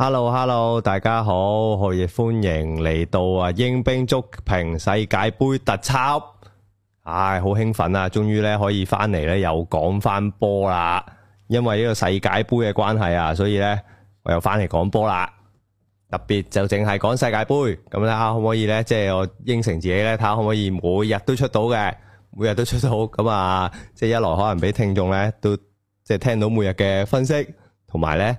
hello hello 大家好，我亦歡迎嚟到啊鷹兵足評，世界杯特輯，唉好興奮啊，終於咧可以翻嚟咧又講翻波啦，因為呢個世界杯嘅關係啊，所以咧我又翻嚟講波啦，特別就淨係講世界杯，咁咧可唔可以咧即係我應承自己咧睇下可唔可以每日都出到嘅，每日都出到，咁啊即係一來可能俾聽眾咧都即係聽到每日嘅分析，同埋咧。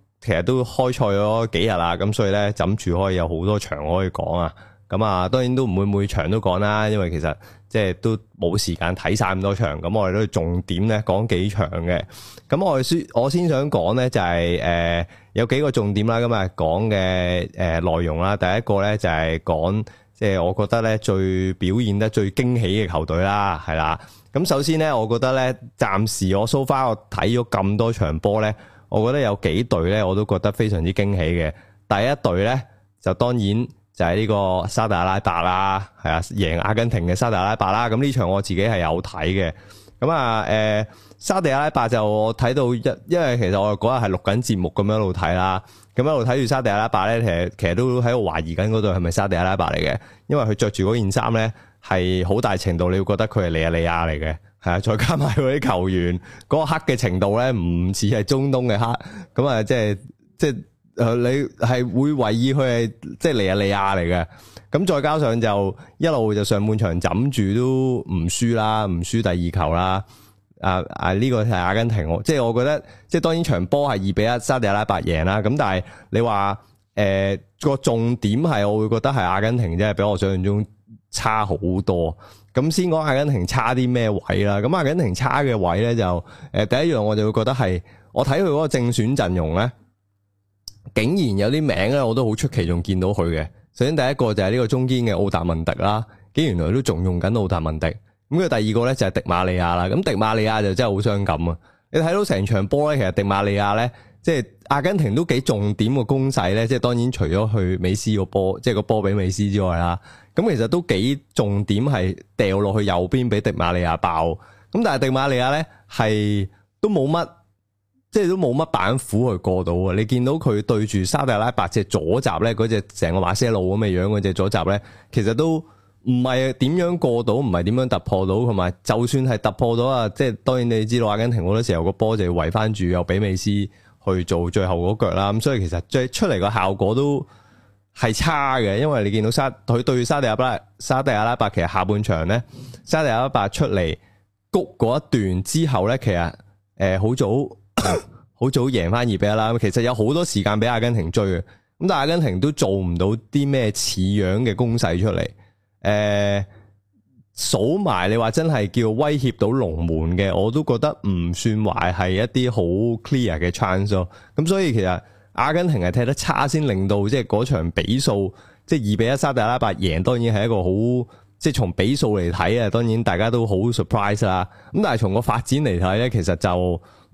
其實都開賽咗幾日啦，咁所以咧，枕住可以有好多場可以講啊。咁啊，當然都唔會每場都講啦，因為其實即係都冇時間睇晒咁多場。咁我哋都要重點咧講幾場嘅。咁我先我先想講咧就係、是、誒、呃、有幾個重點啦，咁啊講嘅誒內容啦。第一個咧就係講即係我覺得咧最表現得最驚喜嘅球隊啦，係啦。咁首先咧，我覺得咧暫時我 so far 我睇咗咁多場波咧。我覺得有幾隊咧，我都覺得非常之驚喜嘅。第一隊咧，就當然就係呢個沙特阿拉伯啦，係啊，贏阿根廷嘅沙特阿拉伯啦。咁呢場我自己係有睇嘅。咁啊、呃，沙特阿拉伯就我睇到一，因為其實我嗰日係錄緊節目咁樣一路睇啦，咁一路睇住沙特阿拉伯咧，其實其實都喺度懷疑緊嗰隊係咪沙特阿拉伯嚟嘅，因為佢着住嗰件衫咧係好大程度，你會覺得佢係利亞利亞嚟嘅。係啊，再加埋嗰啲球員，嗰個黑嘅程度咧，唔似係中東嘅黑，咁啊、即係，即係即係，你係會懷疑佢係即係尼日利亞嚟嘅。咁再加上就一路就上半場枕住都唔輸啦，唔輸第二球啦。啊啊，呢個係阿根廷喎，即係我覺得，即係當然場波係二比一沙地阿拉伯贏啦。咁但係你話誒個重點係，我會覺得係阿根廷真係比我想象中差好多。咁先講阿根廷差啲咩位啦？咁阿根廷差嘅位咧就，誒第一樣我就會覺得係，我睇佢嗰個正選陣容咧，竟然有啲名咧我都好出奇仲見到佢嘅。首先第一個就係呢個中堅嘅奧達文迪啦，竟然原來都仲用緊奧達文迪。咁嘅第二個咧就係迪馬利亞啦，咁迪馬利亞就真係好傷感啊！你睇到成場波咧，其實迪馬利亞咧。即係阿根廷都幾重點嘅攻勢咧，即係當然除咗去美斯個波，即係個波俾美斯之外啦。咁其實都幾重點係掉落去右邊俾迪馬利亞爆。咁但係迪馬利亞咧係都冇乜，即係都冇乜板斧去過到啊。你見到佢對住沙特阿拉伯隻左閘咧，嗰隻成個馬塞路咁嘅樣，嗰隻左閘咧，其實都唔係點樣過到，唔係點樣突破到。同埋就算係突破到啊，即係當然你知道阿根廷好多時候個波就圍翻住又俾美斯。去做最後嗰腳啦，咁所以其實最出嚟個效果都係差嘅，因為你見到沙佢對沙地阿拉伯，沙地阿拉伯其實下半場咧，沙地阿拉伯出嚟谷嗰一段之後咧，其實誒好、呃、早好 早贏翻二比一啦。咁其實有好多時間俾阿根廷追嘅，咁但阿根廷都做唔到啲咩似樣嘅攻勢出嚟，誒、呃。數埋你話真係叫威脅到龍門嘅，我都覺得唔算壞，係一啲好 clear 嘅 chance 咯。咁所以其實阿根廷係踢得差先令到即係嗰場比數即係二比一，沙特阿拉伯贏當然係一個好即係從比數嚟睇啊，當然大家都好 surprise 啦。咁但係從個發展嚟睇呢，其實就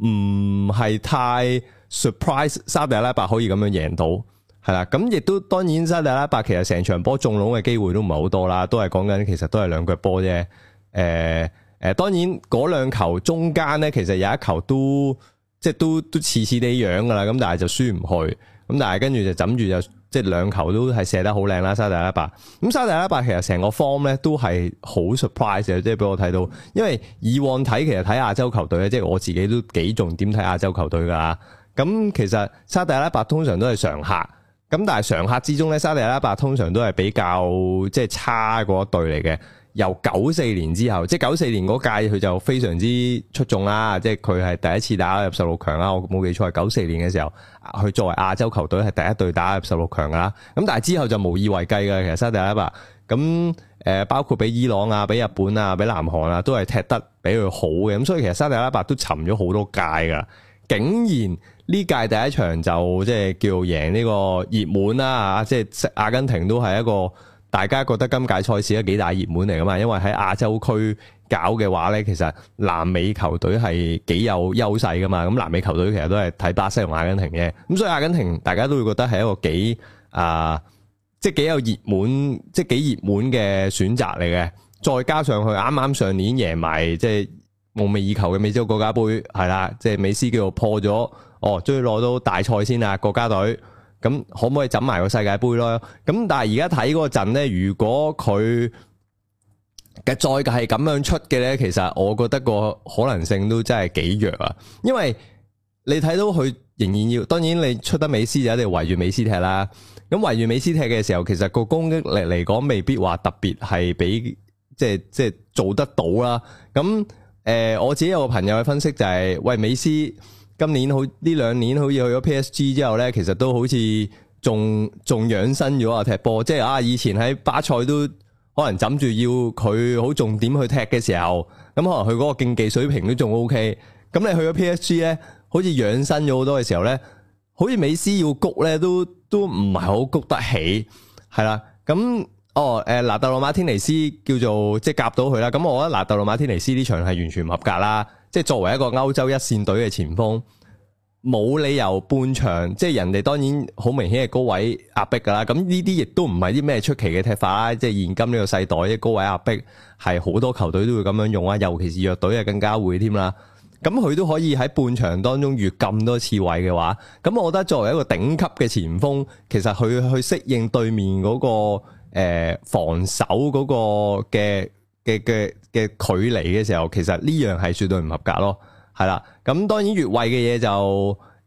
唔係太 surprise 沙特阿拉伯可以咁樣贏到。係啦，咁亦都當然沙特阿拉伯其實成場波中籠嘅機會都唔係好多啦，都係講緊其實都係兩腳波啫。誒、呃、誒、呃，當然嗰兩球中間咧，其實有一球都即係都都似似地樣㗎啦。咁但係就輸唔去，咁但係跟住就枕住就即係兩球都係射得好靚啦。沙特阿拉伯咁沙特阿拉伯其實成個 form 咧都係好 surprise 嘅，即係俾我睇到，因為以往睇其實睇亞洲球隊咧，即、就、係、是、我自己都幾重點睇亞洲球隊㗎。咁其實沙特阿拉伯通常都係常客。咁但係常客之中咧，沙地阿拉伯通常都係比較即係差嗰一隊嚟嘅。由九四年之後，即係九四年嗰屆佢就非常之出眾啦，即係佢係第一次打入十六強啦。我冇記錯係九四年嘅時候，佢作為亞洲球隊係第一隊打入十六強噶啦。咁但係之後就無以為繼噶，其實沙地阿拉伯咁，誒包括俾伊朗啊、俾日本啊、俾南韓啊，都係踢得比佢好嘅。咁所以其實沙地阿拉伯都沉咗好多屆噶，竟然。呢屆第一場就即係叫贏呢個熱門啦嚇，即係阿根廷都係一個大家覺得今屆賽事咧幾大熱門嚟噶嘛，因為喺亞洲區搞嘅話呢，其實南美球隊係幾有優勢噶嘛。咁南美球隊其實都係睇巴西同阿根廷嘅，咁所以阿根廷大家都會覺得係一個幾啊，即係幾有熱門，即係幾熱門嘅選擇嚟嘅。再加上佢啱啱上年贏埋即係夢寐以求嘅美洲國家杯，係啦，即係美斯叫做破咗。哦，終於攞到大賽先啊，國家隊咁可唔可以枕埋個世界盃咯？咁但係而家睇嗰陣咧，如果佢嘅再界係咁樣出嘅咧，其實我覺得個可能性都真係幾弱啊。因為你睇到佢仍然要，當然你出得美斯就一定圍住美斯踢啦。咁圍住美斯踢嘅時候，其實個攻擊力嚟講未必話特別係比即係即係做得到啦。咁誒、呃，我自己有個朋友嘅分析就係、是、喂美斯。今年好呢兩年好似去咗 P.S.G 之後咧，其實都好似仲仲養生咗啊踢波，即係啊以前喺巴塞都可能枕住要佢好重點去踢嘅時候，咁可能佢嗰個競技水平都仲 O.K.，咁你去咗 P.S.G 咧，好似養生咗好多嘅時候咧，好似美斯要谷咧都都唔係好谷得起，係啦咁。哦，誒、呃，拿特羅馬天尼斯叫做即係夾到佢啦。咁我覺得拿特羅馬天尼斯呢場係完全唔合格啦。即係作為一個歐洲一線隊嘅前鋒，冇理由半場，即係人哋當然好明顯係高位壓迫㗎啦。咁呢啲亦都唔係啲咩出奇嘅踢法，即係現今呢個世代，高位壓迫係好多球隊都會咁樣用啊，尤其是弱隊啊更加會添啦。咁佢都可以喺半場當中越咁多次位嘅話，咁我覺得作為一個頂級嘅前鋒，其實佢去適應對面嗰、嗰個。誒防守嗰個嘅嘅嘅嘅距離嘅時候，其實呢樣係絕對唔合格咯，係啦。咁當然越位嘅嘢就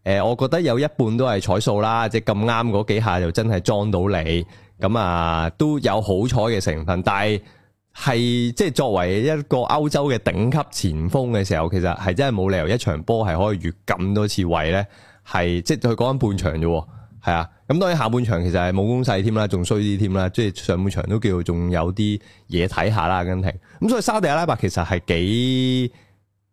誒，我覺得有一半都係彩數啦，即咁啱嗰幾下就真係裝到你，咁啊都有好彩嘅成分。但係係即係作為一個歐洲嘅頂級前鋒嘅時候，其實係真係冇理由一場波係可以越咁多次位咧，係即係佢講緊半場啫。係啊，咁當然下半場其實係冇攻勢添啦，仲衰啲添啦，即係上半場都叫仲有啲嘢睇下啦。阿根廷，咁所以沙地阿拉伯其實係幾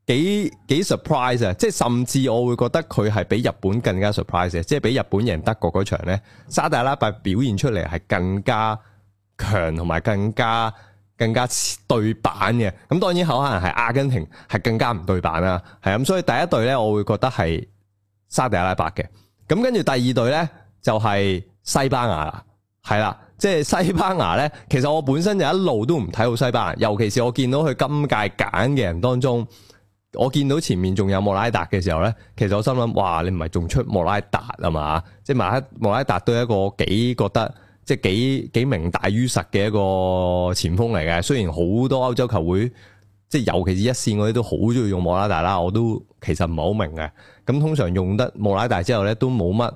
幾幾 surprise 啊！即係甚至我會覺得佢係比日本更加 surprise 嘅，即係比日本贏德國嗰場咧，沙地阿拉伯表現出嚟係更加強同埋更加更加對版嘅。咁當然可能係阿根廷係更加唔對版啦，係啊，咁，所以第一隊咧，我會覺得係沙地阿拉伯嘅。咁跟住第二隊呢，就係西班牙啦，係啦，即係西班牙呢，其實我本身就一路都唔睇好西班牙，尤其是我見到佢今屆揀嘅人當中，我見到前面仲有莫拉達嘅時候呢，其實我心諗，哇，你唔係仲出莫拉達啊嘛？即係莫拉達都係一個幾覺得即係幾幾名大於實嘅一個前鋒嚟嘅。雖然好多歐洲球會，即係尤其是一線嗰啲都好中意用莫拉達啦，我都其實唔係好明嘅。咁通常用得冇拉大之後咧，都冇乜，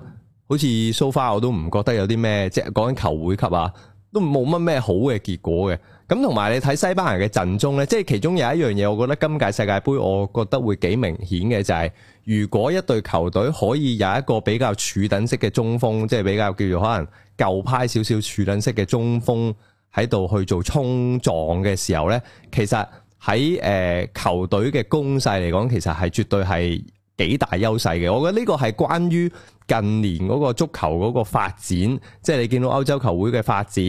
好似蘇花我都唔覺得有啲咩。即係講緊球會級啊，都冇乜咩好嘅結果嘅。咁同埋你睇西班牙嘅陣中咧，即係其中有一樣嘢，我覺得今屆世界盃我覺得會幾明顯嘅就係，如果一隊球隊可以有一個比較柱躉式嘅中鋒，即係比較叫做可能舊派少少柱躉式嘅中鋒喺度去做衝撞嘅時候咧，其實喺誒、呃、球隊嘅攻勢嚟講，其實係絕對係。幾大優勢嘅，我覺得呢個係關於近年嗰個足球嗰個發展，即係你見到歐洲球會嘅發展，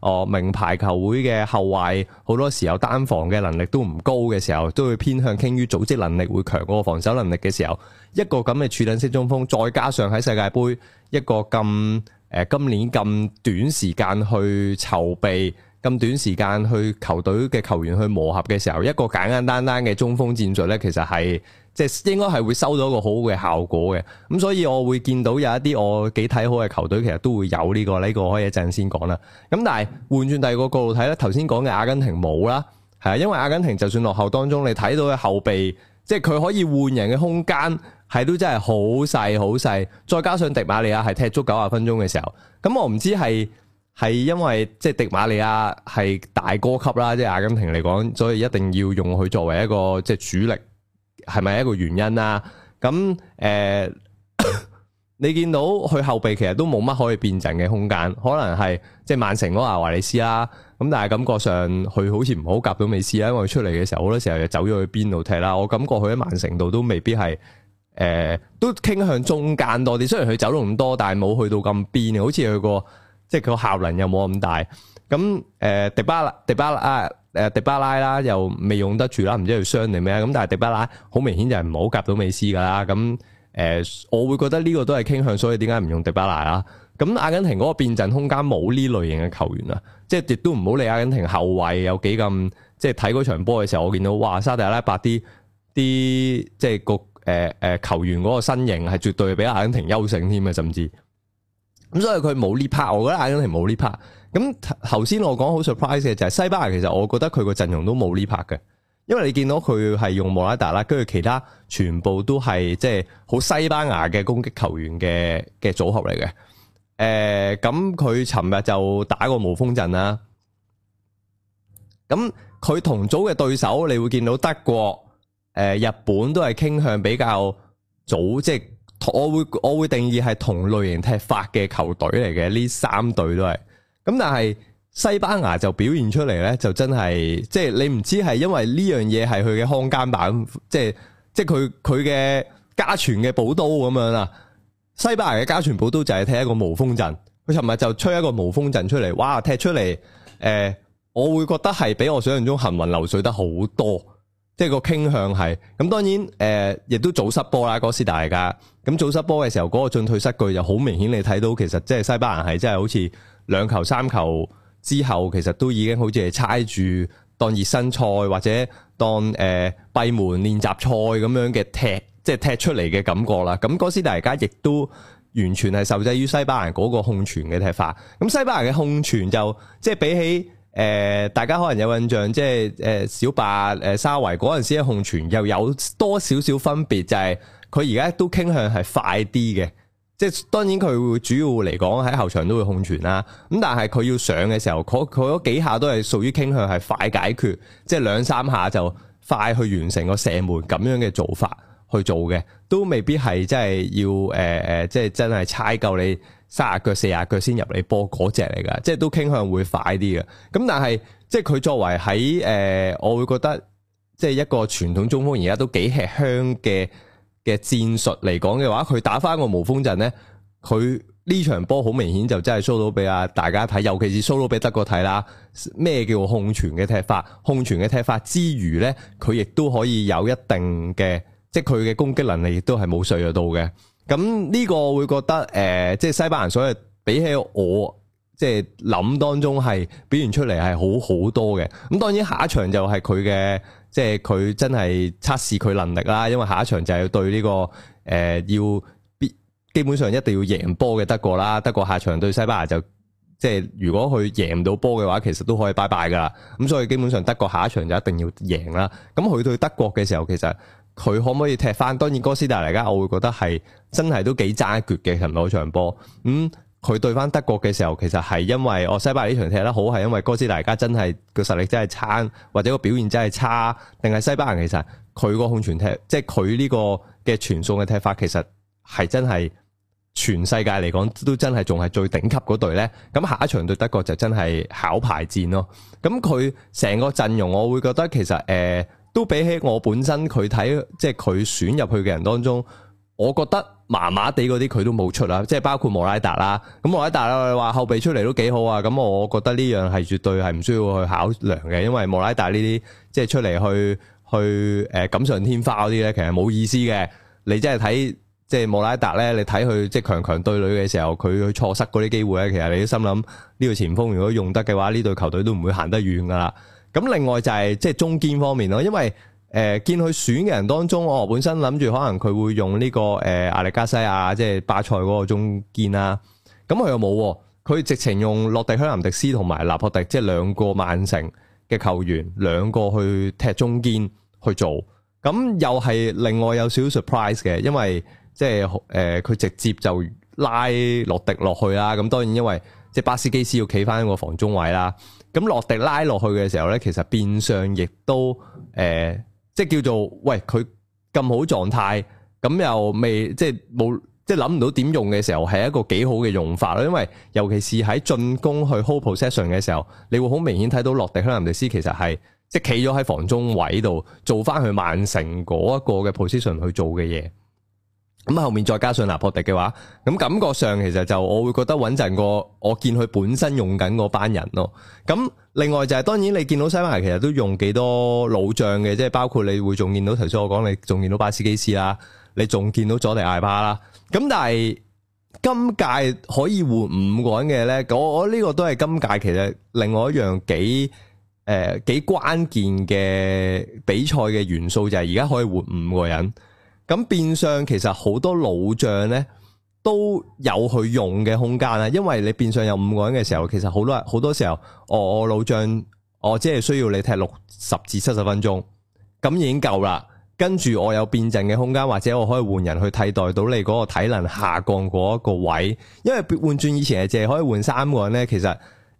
哦，名牌球會嘅後衛好多時候單防嘅能力都唔高嘅時候，都會偏向傾於組織能力會強過防守能力嘅時候，一個咁嘅處等式中鋒，再加上喺世界盃一個咁誒、呃、今年咁短時間去籌備，咁短時間去球隊嘅球員去磨合嘅時候，一個簡簡單單嘅中鋒戰術呢，其實係。即係應該係會收到一個好好嘅效果嘅，咁所以我會見到有一啲我幾睇好嘅球隊，其實都會有呢個、呢個，呢個可以一陣先講啦。咁但係換轉第二個角度睇咧，頭先講嘅阿根廷冇啦，係啊，因為阿根廷就算落後當中，你睇到嘅後備，即係佢可以換人嘅空間係都真係好細好細，再加上迪馬利亞係踢足九十分鐘嘅時候，咁我唔知係係因為即係迪馬利亞係大哥級啦，即係阿根廷嚟講，所以一定要用佢作為一個即係主力。係咪一個原因啦、啊？咁誒、呃， 你見到佢後備其實都冇乜可以變陣嘅空間，可能係即係曼城嗰個阿華利斯啦。咁但係感覺上佢好似唔好夾到美斯，因為佢出嚟嘅時候好多時候又走咗去邊度踢啦。我感覺佢喺曼城度都未必係誒、呃，都傾向中間多啲。雖然佢走咗咁多，但係冇去到咁邊，好似佢個，即係佢個效能又冇咁大。咁誒、呃，迪巴拉迪巴拉啊！誒迪巴拉啦，又未用得住啦，唔知佢傷定咩咁？但係迪巴拉好明顯就係唔好夾到美斯噶啦。咁誒，我會覺得呢個都係傾向，所以點解唔用迪巴拉啦？咁阿根廷嗰個變陣空間冇呢類型嘅球員啦，即係亦都唔好理阿根廷後衞有幾咁，即係睇嗰場波嘅時候，我見到哇，沙特阿拉伯啲，啲即係個誒球員嗰個身形係絕對係比阿根廷優勝添嘅，甚至咁所以佢冇呢 part，我覺得阿根廷冇呢 part。咁頭先我講好 surprise 嘅就係西班牙，其實我覺得佢個陣容都冇呢拍嘅，因為你見到佢係用莫拉達啦，跟住其他全部都係即係好西班牙嘅攻擊球員嘅嘅組合嚟嘅、呃。誒，咁佢尋日就打過無鋒陣啦。咁佢同組嘅對手，你會見到德國、誒、呃、日本都係傾向比較組織，即係我會我會定義係同類型踢法嘅球隊嚟嘅，呢三隊都係。咁但係西班牙就表現出嚟呢，就真係即係你唔知係因為呢樣嘢係佢嘅康間吧、就是，即係即係佢佢嘅家傳嘅寶刀咁樣啦。西班牙嘅家傳寶刀就係踢一個無鋒陣，佢尋日就吹一個無鋒陣出嚟，哇！踢出嚟誒、呃，我會覺得係比我想象中行雲流水得好多，即、就、係、是、個傾向係咁。當然誒，亦、呃、都早失波啦，哥斯達黎加，咁早失波嘅時候，嗰個進退失據就好明顯。你睇到其實即係西班牙係真係好似。兩球三球之後，其實都已經好似係猜住當熱身賽或者當誒閉門練習賽咁樣嘅踢，即係踢出嚟嘅感覺啦。咁嗰時大家亦都完全係受制於西班牙嗰個控傳嘅踢法。咁西班牙嘅控傳就即係比起誒、呃、大家可能有印象，即係誒小白、呃、沙維嗰陣時嘅控傳又有多少少分別？就係佢而家都傾向係快啲嘅。即係當然佢會主要嚟講喺後場都會控傳啦，咁但係佢要上嘅時候，佢嗰幾下都係屬於傾向係快解決，即係兩三下就快去完成個射門咁樣嘅做法去做嘅，都未必係真係要誒誒、呃，即係真係猜夠你三十腳四十腳先入你波嗰隻嚟噶，即係都傾向會快啲嘅。咁但係即係佢作為喺誒、呃，我會覺得即係一個傳統中鋒，而家都幾吃香嘅。嘅戰術嚟講嘅話，佢打翻個無風陣呢，佢呢場波好明顯就真係 show 到俾啊大家睇，尤其是 show 到俾德國睇啦，咩叫控傳嘅踢法，控傳嘅踢法之餘呢，佢亦都可以有一定嘅，即係佢嘅攻擊能力亦都係冇削弱到嘅。咁呢個會覺得誒、呃，即係西班牙所謂比起我。即係諗當中係表現出嚟係好好多嘅，咁當然下一場就係佢嘅，即係佢真係測試佢能力啦。因為下一場就係要對呢個誒、呃、要必，基本上一定要贏波嘅德國啦。德國下一場對西班牙就即係如果佢贏唔到波嘅話，其實都可以拜拜噶喇。咁所以基本上德國下一場就一定要贏啦。咁佢對德國嘅時候，其實佢可唔可以踢翻？當然哥斯達黎加我會覺得係真係都幾爭一截嘅，尋日嗰場波咁。嗯佢對翻德國嘅時候，其實係因為我、哦、西班牙呢場踢得好，係因為哥斯達加真係個實力真係差，或者個表現真係差，定係西班牙其實佢個控傳踢，即係佢呢個嘅傳送嘅踢法，其實係真係全世界嚟講都真係仲係最頂級嗰隊呢。咁下一場對德國就真係考牌戰咯。咁佢成個陣容，我會覺得其實誒、呃，都比起我本身佢睇，即係佢選入去嘅人當中，我覺得。麻麻地嗰啲佢都冇出啦，即係包括莫拉達啦。咁莫拉達啦你話後備出嚟都幾好啊。咁我覺得呢樣係絕對係唔需要去考量嘅，因為莫拉達呢啲即係出嚟，去去誒錦上添花嗰啲咧，其實冇意思嘅。你真係睇即係莫拉達咧，你睇佢即係強強對壘嘅時候，佢去錯失嗰啲機會咧，其實你都心諗呢個前鋒如果用得嘅話，呢隊球隊都唔會行得遠噶啦。咁另外就係即係中堅方面咯，因為。誒、呃、見佢選嘅人當中，我本身諗住可能佢會用呢、這個誒、呃、阿力加西亞即係巴塞嗰個中堅啦、啊。咁佢又冇、啊，佢直情用洛迪香林迪斯同埋納破迪，即係兩個曼城嘅球員，兩個去踢中堅去做。咁又係另外有少少 surprise 嘅，因為即係誒佢直接就拉洛迪落去啦。咁當然因為即係巴斯基斯要企翻個防中位啦。咁洛迪拉落去嘅時候咧，其實變相亦都誒。呃即叫做，喂佢咁好狀態，咁又未即冇即諗唔到點用嘅時候，係一個幾好嘅用法咯。因為尤其是喺進攻去 hold possession 嘅時候，你會好明顯睇到洛迪香拿迪斯其實係即係企咗喺防中去位度做翻佢曼城嗰一個嘅 position 去做嘅嘢。咁後面再加上拿破迪嘅話，咁感覺上其實就我會覺得穩陣過我見佢本身用緊嗰班人咯。咁另外就係當然你見到西班牙其實都用幾多老將嘅，即係包括你會仲見到頭先我講你仲見到巴斯基斯啦，你仲見到佐迪艾巴啦。咁但係今屆可以換五個人嘅咧，我我呢個都係今屆其實另外一樣幾誒幾關鍵嘅比賽嘅元素就係而家可以換五個人。咁變相其實好多老將咧都有佢用嘅空間啦，因為你變相有五個人嘅時候，其實好多好多時候，我老將，我即係需要你踢六十至七十分鐘，咁已經夠啦。跟住我有變陣嘅空間，或者我可以換人去替代到你嗰個體能下降嗰一個位，因為換轉以前係淨係可以換三個人咧，其實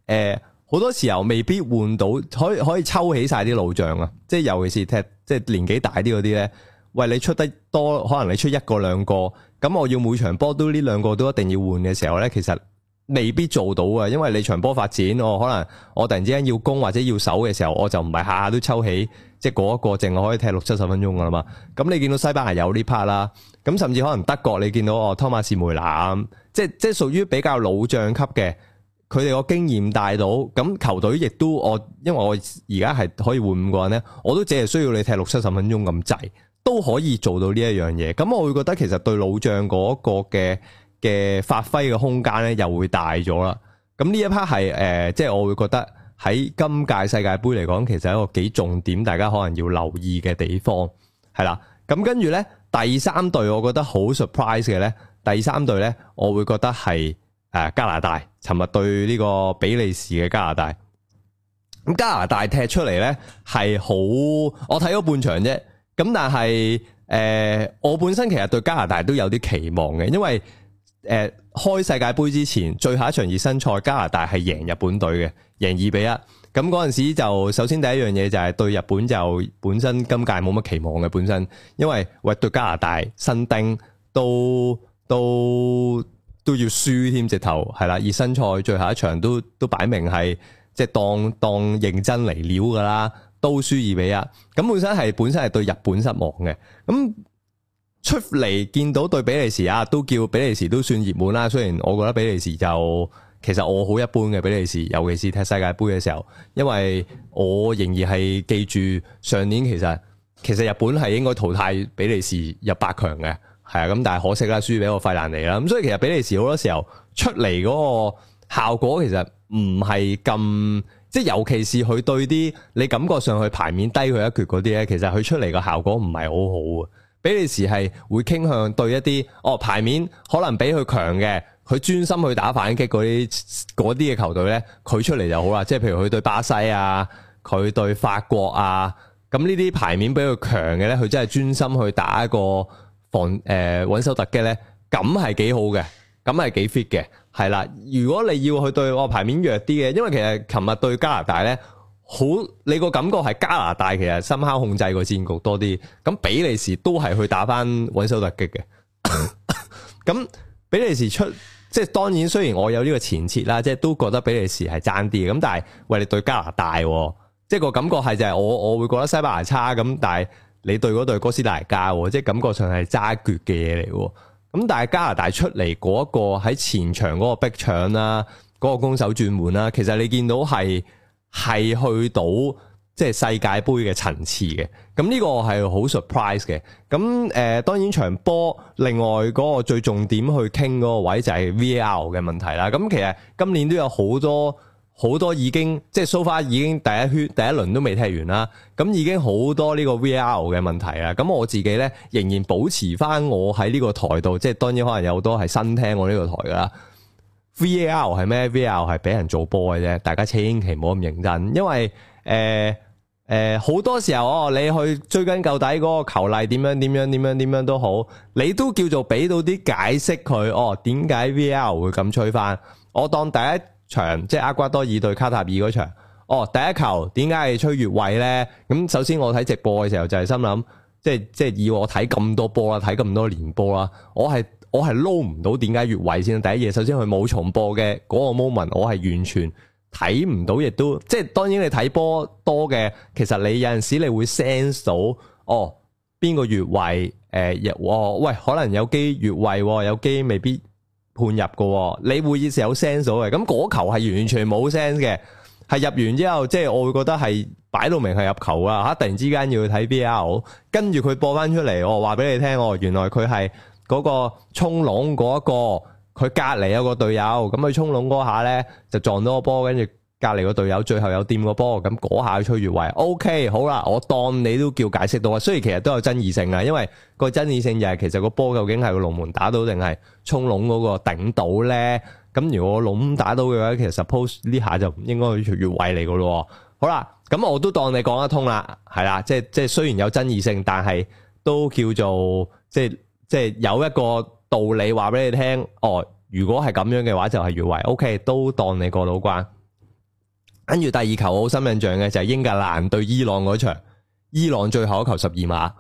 誒好多時候未必換到，可以可以抽起晒啲老將啊，即係尤其是踢即係年紀大啲嗰啲咧。喂你出得多，可能你出一個兩個，咁我要每場波都呢兩個都一定要換嘅時候呢，其實未必做到啊！因為你場波發展，我、哦、可能我突然之間要攻或者要守嘅時候，我就唔係下下都抽起，即係嗰一個，淨係可以踢六七十分鐘噶啦嘛。咁你見到西班牙有呢 part 啦，咁甚至可能德國，你見到哦，湯馬士梅拿，即係即係屬於比較老將級嘅，佢哋個經驗大到，咁球隊亦都我，因為我而家係可以換五個人呢，我都淨係需要你踢六七十分鐘咁滯。都可以做到呢一樣嘢，咁我會覺得其實對老將嗰個嘅嘅發揮嘅空間咧又會大咗啦。咁呢一 part 係誒，即係我會覺得喺今屆世界盃嚟講，其實係一個幾重點，大家可能要留意嘅地方係啦。咁跟住呢，第三隊我覺得好 surprise 嘅呢，第三隊呢，我會覺得係誒、呃、加拿大，尋日對呢個比利時嘅加拿大。咁加拿大踢出嚟呢係好，我睇咗半場啫。咁但係，誒、呃，我本身其實對加拿大都有啲期望嘅，因為誒、呃、開世界盃之前最後一場熱身賽，加拿大係贏日本隊嘅，贏二比一。咁嗰陣時就首先第一樣嘢就係對日本就本身今屆冇乜期望嘅本身，因為喂，對加拿大新丁都都都要輸添，直頭係啦，熱身賽最後一場都都擺明係即係當當認真嚟料噶啦。都輸二比一，咁本身係本身係對日本失望嘅，咁出嚟見到對比利時啊，都叫比利時都算熱門啦。雖然我覺得比利時就其實我好一般嘅比利時，尤其是踢世界盃嘅時候，因為我仍然係記住上年其實其實日本係應該淘汰比利時入八強嘅，係啊咁，但係可惜啦，輸俾個費蘭尼啦。咁所以其實比利時好多時候出嚟嗰個效果其實唔係咁。即係尤其是佢對啲你感覺上去牌面低佢一橛嗰啲咧，其實佢出嚟嘅效果唔係好好啊！比利時係會傾向對一啲哦牌面可能比佢強嘅，佢專心去打反擊嗰啲嗰啲嘅球隊咧，佢出嚟就好啦。即係譬如佢對巴西啊，佢對法國啊，咁呢啲牌面比佢強嘅咧，佢真係專心去打一個防誒穩守突擊咧，咁係幾好嘅，咁係幾 fit 嘅。係啦，如果你要去對我個牌面弱啲嘅，因為其實琴日對加拿大咧，好，你個感覺係加拿大其實深刻控制個戰局多啲。咁比利時都係去打返穩守突擊嘅。咁 比利時出，即係當然，雖然我有呢個前設啦，即係都覺得比利時係爭啲嘅。咁但係喂，你對加拿大，即係個感覺係就係我我會覺得西班牙差。咁但係你對嗰對哥斯達黎加，即係感覺上係揸絕嘅嘢嚟。咁但係加拿大出嚟嗰個喺前場嗰個逼搶啦，嗰個攻守轉換啦，其實你見到係係去到即係世界盃嘅層次嘅，咁呢個係好 surprise 嘅。咁誒、呃，當然場波另外嗰個最重點去傾嗰個位就係 VAR 嘅問題啦。咁其實今年都有好多。好多已經即係 so far 已經第一圈第一輪都未踢完啦，咁已經好多呢個 VAR 嘅問題啦。咁我自己咧，仍然保持翻我喺呢個台度，即係當然可能有好多係新聽我呢個台噶啦。VAR 係咩？VAR 係俾人做波嘅啫，大家千祈唔好咁認真，因為誒誒好多時候哦，你去追根究底嗰個球例點樣點樣點樣點樣都好，你都叫做俾到啲解釋佢哦，點解 VAR 會咁吹翻？我當第一。場即係阿瓜多爾對卡塔爾嗰場，哦，第一球點解係吹越位呢？咁首先我睇直播嘅時候就係心諗，即係即係以我睇咁多波啦，睇咁多年波啦，我係我係撈唔到點解越位先。第一嘢，首先佢冇重播嘅嗰個 moment，我係完全睇唔到，亦都即係當然你睇波多嘅，其實你有陣時你會 sense 到，哦邊個越位？誒、呃、亦、哦、喂可能有機越位，有機未必。判入嘅，你會是有 send 到嘅。咁嗰球係完全冇 send 嘅，係入完之後，即係我會覺得係擺到明係入球啊！吓，突然之間要睇 B R，跟住佢播翻出嚟，我話俾你聽，原來佢係嗰個衝窿嗰一個，佢隔籬有個隊友，咁佢衝窿嗰下呢就撞到個波，跟住。隔籬個隊友最後有掂個波，咁嗰下去吹越位，OK，好啦，我當你都叫解釋到啊。雖然其實都有爭議性啊，因為個爭議性就係其實個波究竟係個龍門打到定係衝窿嗰個頂到咧？咁如果窿打到嘅話，其實 suppose 呢下就唔應該係越越位嚟噶咯。好啦，咁我都當你講得通啦，係啦，即係即係雖然有爭議性，但係都叫做即係即係有一個道理話俾你聽。哦，如果係咁樣嘅話，就係越位。OK，都當你過到關。跟住第二球我好深印象嘅就係、是、英格蘭對伊朗嗰場，伊朗最後一球十二碼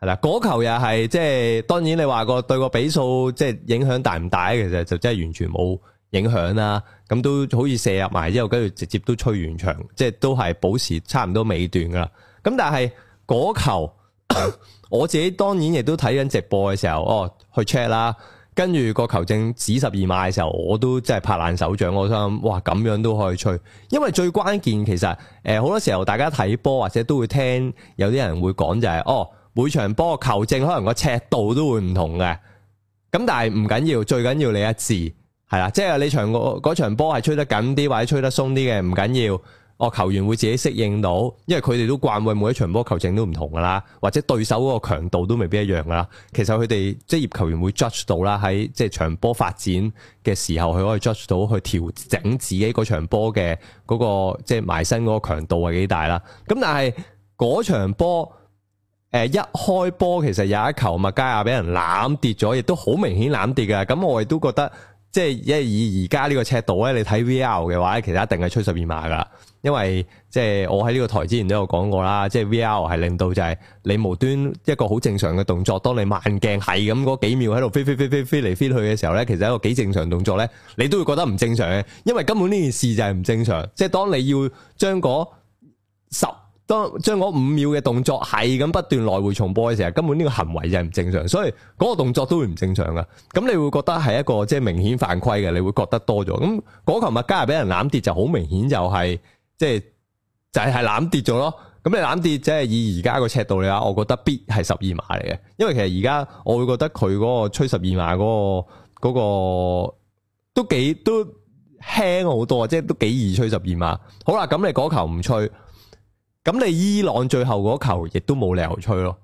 係啦，嗰球又係即係當然你話個對個比數即係影響大唔大，其實就真係完全冇影響啦，咁都好似射入埋之後跟住直接都吹完場，即係都係保持差唔多尾段噶啦。咁但係嗰球 我自己當然亦都睇緊直播嘅時候，哦去 check 啦。跟住個球證指十二碼嘅時候，我都真係拍爛手掌，我心諗哇，咁樣都可以吹，因為最關鍵其實誒好多時候大家睇波或者都會聽有啲人會講就係哦每場波球證可能個尺度都會唔同嘅，咁但係唔緊要，最緊要你一致係啦，即係你場個嗰場波係吹得緊啲或者吹得鬆啲嘅，唔緊要。我、哦、球員會自己適應到，因為佢哋都慣會，每一場波球證都唔同噶啦，或者對手嗰個強度都未必一樣噶啦。其實佢哋職業球員會 judge 到啦，喺即係場波發展嘅時候，佢可以 judge 到去調整自己嗰場波嘅嗰個即係、就是、埋身嗰個強度係幾大啦。咁但係嗰場波一開波，其實有一球麥加亞俾人攬跌咗，亦都好明顯攬跌㗎。咁我哋都覺得。即係，以而家呢個尺度咧，你睇 VR 嘅話，其實一定係吹十二碼噶。因為即係我喺呢個台之前都有講過啦，即係 VR 係令到就係你無端一個好正常嘅動作，當你慢鏡係咁嗰幾秒喺度飛飛飛飛飛嚟飛飛飛飛飛去嘅時候咧，其實一個幾正常動作咧，你都會覺得唔正常嘅，因為根本呢件事就係唔正常。即係當你要將嗰十。當將嗰五秒嘅動作係咁不斷來回重播嘅時候，根本呢個行為就係唔正常，所以嗰個動作都會唔正常噶。咁你會覺得係一個即係明顯犯規嘅，你會覺得多咗。咁嗰球物加入俾人攬跌，就好明顯就係即係就係係攬跌咗咯。咁你攬跌即係、就是、以而家個尺度嚟話，我覺得必係十二碼嚟嘅。因為其實而家我會覺得佢嗰個吹十二碼嗰個嗰、嗰個都幾都輕好多，即、就、係、是、都幾易吹十二碼。好啦，咁你嗰球唔吹。咁你伊朗最後嗰球亦都冇理由吹咯，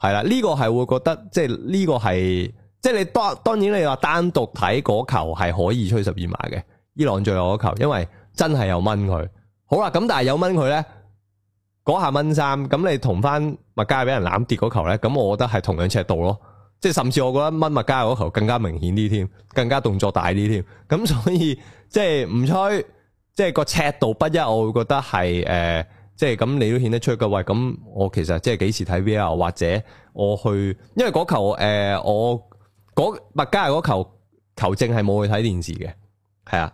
係啦，呢個係會覺得即係呢個係即係你當當然你話單獨睇嗰球係可以吹十二碼嘅，伊朗最後嗰球，因為真係有掹佢。好啦，咁但係有掹佢呢，嗰下掹衫，咁你同翻麥加俾人攬跌嗰球呢，咁我覺得係同樣尺度咯，即係甚至我覺得掹麥加嗰球更加明顯啲添，更加動作大啲添。咁所以即係唔吹，即係個尺度不一，我會覺得係誒。即係咁，你都顯得出㗎喂！咁我其實即係幾時睇 VR，或者我去，因為嗰球誒、呃，我嗰麥嘉嗰球球證係冇去睇電視嘅，係啊！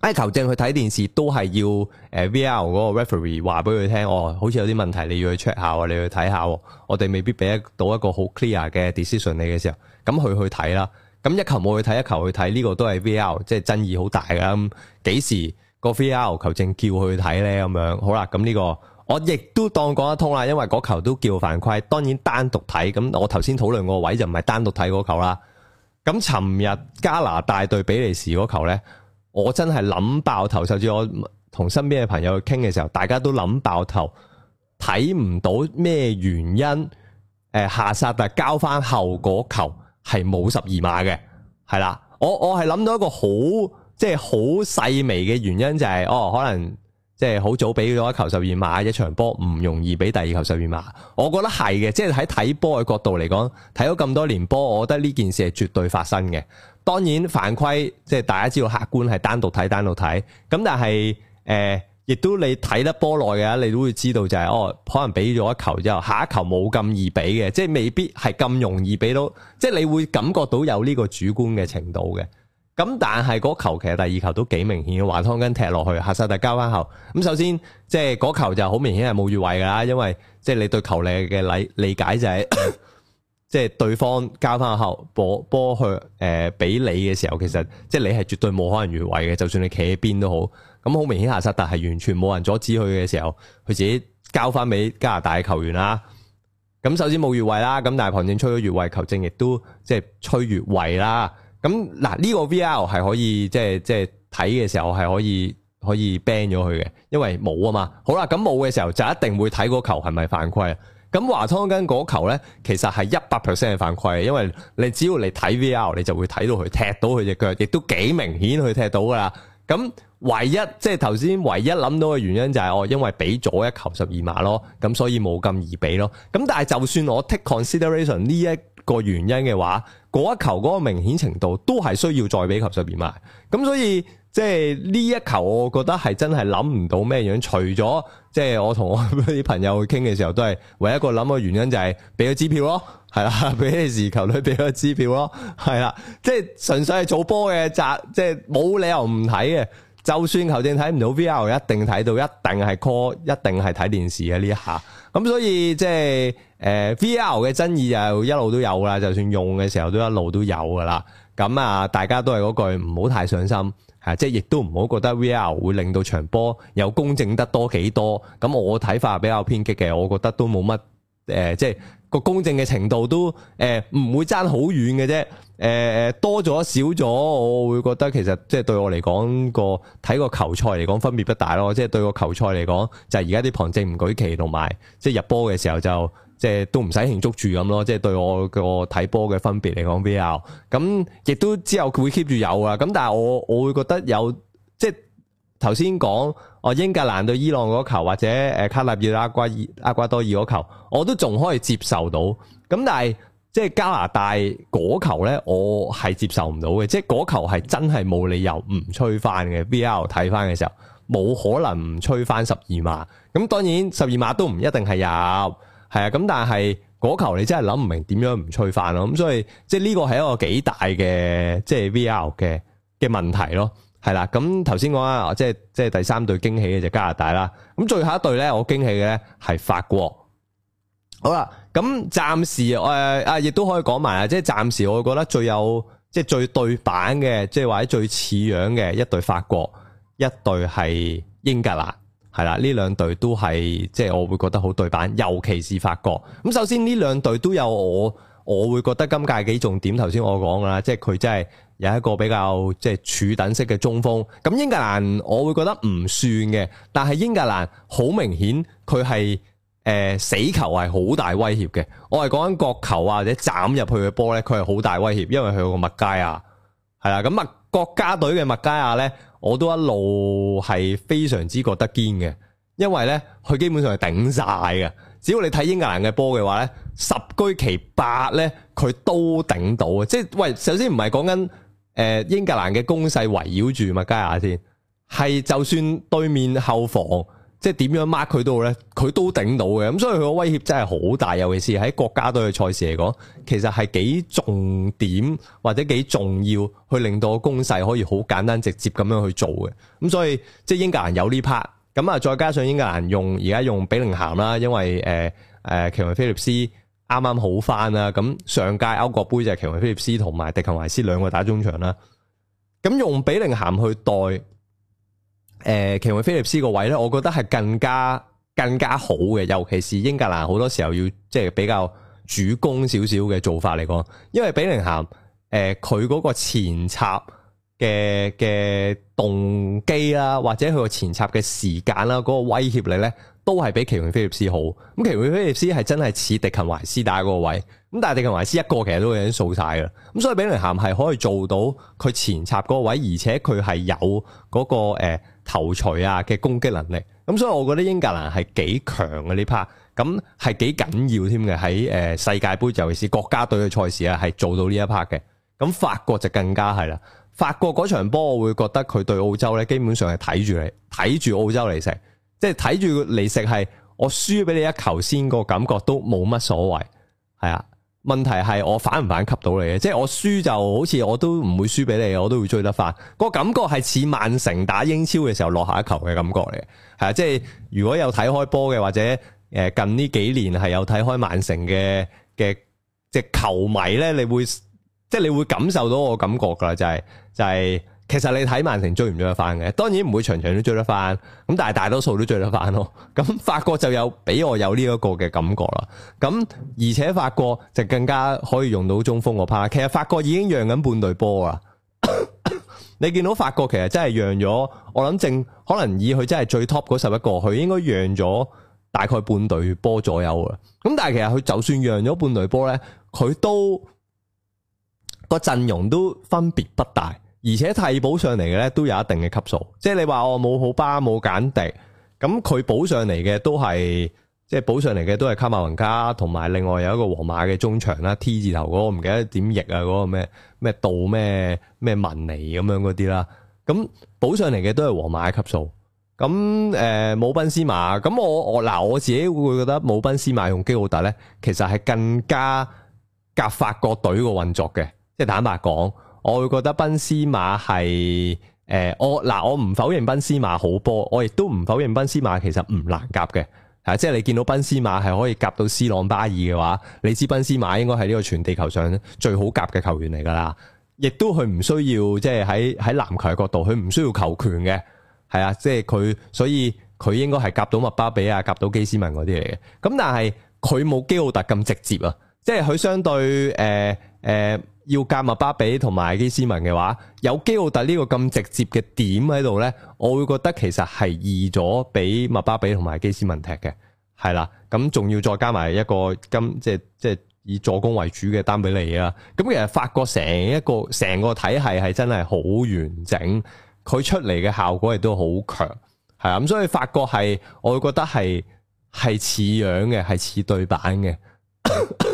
誒，球證去睇電視都係要、呃、VR 嗰個 referee 話俾佢聽，哦，好似有啲問題，你要去 check 下，你去睇下，我哋未必俾得到一個好 clear 嘅 decision 你嘅時候，咁佢去睇啦。咁一球冇去睇，一球去睇，呢個都係 VR，即係爭議好大㗎。咁幾時？那個 VAR 球證叫佢去睇呢，咁樣好啦。咁呢個我亦都當講得通啦，因為嗰球都叫犯規。當然單獨睇，咁我頭先討論個位就唔係單獨睇嗰球啦。咁尋日加拿大對比利時嗰球呢，我真係諗爆頭。甚至我同身邊嘅朋友去傾嘅時候，大家都諗爆頭，睇唔到咩原因下。誒，夏薩特交翻後果球係冇十二碼嘅，係啦。我我係諗到一個好。即係好細微嘅原因就係、是，哦，可能即係好早俾咗一球十二碼，一場波唔容易俾第二球十二碼。我覺得係嘅，即係喺睇波嘅角度嚟講，睇咗咁多年波，我覺得呢件事係絕對發生嘅。當然犯規，即係大家知道客觀係單獨睇，單獨睇，咁但係誒，亦、呃、都你睇得波耐嘅話，你都會知道就係、是，哦，可能俾咗一球之後，下一球冇咁易俾嘅，即係未必係咁容易俾到，即係你會感覺到有呢個主觀嘅程度嘅。咁但係嗰球其實第二球都幾明顯嘅。話湯跟踢落去，哈薩特交翻後，咁首先即係嗰球就好明顯係冇越位噶啦，因為即係你對球你嘅理理解就係、是，即係、 就是、對方交翻後波波去誒俾、呃、你嘅時候，其實即係你係絕對冇可能越位嘅，就算你企喺邊都好。咁好明顯哈薩特係完全冇人阻止佢嘅時候，佢自己交翻俾加拿大嘅球員啦。咁首先冇越位啦，咁但係旁證吹咗越位，球證亦都即係吹越位啦。咁嗱呢個 V R 係可以即係即係睇嘅時候係可以可以 ban 咗佢嘅，因為冇啊嘛。好啦，咁冇嘅時候就一定會睇個球係咪犯規啊？咁華湯根嗰球咧，其實係一百 percent 嘅犯規，因為你只要你睇 V R，你就會睇到佢踢到佢隻腳，亦都幾明顯佢踢到噶啦。咁唯一即係頭先唯一諗到嘅原因就係哦，因為畀咗一球十二碼咯，咁所以冇咁易畀咯。咁但係就算我 take consideration 呢一個原因嘅話。嗰一球嗰個明顯程度都係需要再俾球上面賣，咁所以即係呢一球，我覺得係真係諗唔到咩樣，除咗即係我同我啲朋友去傾嘅時候，都係唯一一個諗嘅原因就係俾咗支票咯，係啦，俾啲時球女俾咗支票咯，係啦，即係純粹係做波嘅咋，即係冇理由唔睇嘅，就算球證睇唔到 VR，一定睇到，一定係 call，一定係睇電視嘅呢一下。咁所以即係誒 VAR 嘅爭議就一路都有啦，就算用嘅時候都一路都有噶啦。咁啊，大家都係嗰句唔好太上心，啊、即亦都唔好覺得 VAR 會令到場波有公正得多幾多。咁我睇法比較偏激嘅，我覺得都冇乜誒，即個公正嘅程度都誒唔會爭好遠嘅啫，誒誒，多咗少咗我會覺得其實即係對我嚟講個睇個球賽嚟講分別不大咯，即係對個球賽嚟講就係而家啲旁證唔舉旗同埋即係入波嘅時候就即係都唔使慶祝住咁咯，即係對我個睇波嘅分別嚟講比較咁，亦都之後佢會 keep 住有啊，咁但係我我會覺得有。頭先講哦，英格蘭對伊朗嗰球或者誒，卡納爾阿瓜阿瓜多爾嗰球，我都仲可以接受到。咁但係即係加拿大嗰球咧，我係接受唔到嘅。即係嗰球係真係冇理由唔吹翻嘅。V R 睇翻嘅時候，冇可能唔吹翻十二碼。咁當然十二碼都唔一定係入，係啊。咁但係嗰球你真係諗唔明點樣唔吹翻咯。咁所以即係呢個係一個幾大嘅即係 V R 嘅嘅問題咯。係啦，咁頭先講啊即係即係第三隊驚喜嘅就加拿大啦。咁最後一隊咧，我驚喜嘅咧係法國。好啦，咁暫時誒啊、呃，亦都可以講埋啊，即係暫時我會覺得最有即係最對版嘅，即係或者最似樣嘅一隊法國，一隊係英格蘭，係啦，呢兩隊都係即係我會覺得好對版，尤其是法國。咁首先呢兩隊都有我我會覺得今屆幾重點，頭先我講噶啦，即係佢真係。有一個比較即係柱躉式嘅中鋒，咁英格蘭我會覺得唔算嘅，但係英格蘭好明顯佢係誒死球係好大威脅嘅。我係講緊角球啊，或者斬入去嘅波呢，佢係好大威脅，因為佢有個麥佳亞係啦。咁啊，國家隊嘅麥佳亞呢，我都一路係非常之覺得堅嘅，因為呢，佢基本上係頂晒嘅。只要你睇英格蘭嘅波嘅話呢，十居其八呢，佢都頂到嘅。即係喂，首先唔係講緊。誒，英格蘭嘅攻勢圍繞住麥加亞先，係就算對面後防即係點樣 Mark 佢到咧，佢都頂到嘅。咁所以佢嘅威脅真係好大，尤其是喺國家隊嘅賽事嚟講，其實係幾重點或者幾重要，去令到個攻勢可以好簡單直接咁樣去做嘅。咁所以即係英格蘭有呢 part，咁啊，再加上英格蘭用而家用比寧咸啦，因為誒誒奇雲菲利斯。啱啱好翻啦，咁上屆歐國杯就係奇雲菲利斯同埋迪肯懷斯兩個打中場啦。咁用比靈咸去代誒奇雲菲利斯個位咧，我覺得係更加更加好嘅，尤其是英格蘭好多時候要即係、就是、比較主攻少少嘅做法嚟講，因為比靈咸誒佢嗰個前插嘅嘅動機啦，或者佢個前插嘅時間啦，嗰、那個威脅力咧，都係比奇雲菲利斯好。咁奇雲菲利斯係真係似迪勤華斯打嗰個位，咁但係迪勤華斯一個其實都已經掃晒啦，咁所以比寧咸係可以做到佢前插嗰個位，而且佢係有嗰、那個誒頭、欸、錘啊嘅攻擊能力，咁所以我覺得英格蘭係幾強嘅呢 part，咁係幾緊要添嘅喺誒世界杯，尤其是國家隊嘅賽事啊，係做到呢一 part 嘅，咁法國就更加係啦，法國嗰場波我會覺得佢對澳洲咧，基本上係睇住你，睇住澳洲嚟食。即係睇住嚟食係，我輸俾你一球先個感覺都冇乜所謂，係啊。問題係我反唔反吸到你嘅？即係我輸就好似我都唔會輸俾你，我都會追得翻。個感覺係似曼城打英超嘅時候落下一球嘅感覺嚟嘅，係啊。即係如果有睇開波嘅，或者誒近呢幾年係有睇開曼城嘅嘅隻球迷咧，你會即係你會感受到個感覺噶就係就係。其實你睇曼城追唔追得翻嘅？當然唔會場場都追得翻，咁但係大多數都追得翻咯。咁法國就有俾我有呢一個嘅感覺啦。咁而且法國就更加可以用到中鋒個 part。其實法國已經讓緊半隊波啊。你見到法國其實真係讓咗，我諗正可能以佢真係最 top 嗰十一個，佢應該讓咗大概半隊波左右啦。咁但係其實佢就算讓咗半隊波呢，佢都、個陣容都分別不大。而且替補上嚟嘅咧都有一定嘅級數，即係你話我冇好巴冇簡迪，咁佢補上嚟嘅都係，即係補上嚟嘅都係卡馬文卡，同埋另外有一個皇馬嘅中場啦，T 字頭嗰、那個唔記得點譯啊，嗰、那個咩咩道咩咩文尼咁樣嗰啲啦，咁補上嚟嘅都係皇馬嘅級數，咁誒冇賓斯馬，咁我我嗱我自己會覺得冇賓斯馬用基奧特咧，其實係更加夾法國隊個運作嘅，即係坦白講。我會覺得賓斯馬係誒，我嗱我唔否認賓斯馬好波，我亦都唔否認賓斯馬其實唔難夾嘅吓，即係你見到賓斯馬係可以夾到斯朗巴爾嘅話，你知賓斯馬應該係呢個全地球上最好夾嘅球員嚟噶啦，亦都佢唔需要即係喺喺籃球嘅角度，佢唔需要球權嘅，係啊，即係佢所以佢應該係夾到麥巴比啊，夾到基斯文嗰啲嚟嘅，咁但係佢冇基奧特咁直接啊，即係佢相對誒誒。呃呃要夾麥巴比同埋基斯文嘅話，有基奧特呢個咁直接嘅點喺度呢，我會覺得其實係易咗俾麥巴比同埋基斯文踢嘅，係啦。咁仲要再加埋一個今即係即係以助攻為主嘅丹比利啦。咁其實法國成一個成個體系係真係好完整，佢出嚟嘅效果亦都好強，係啊。咁所以法國係我會覺得係係似樣嘅，係似對版嘅。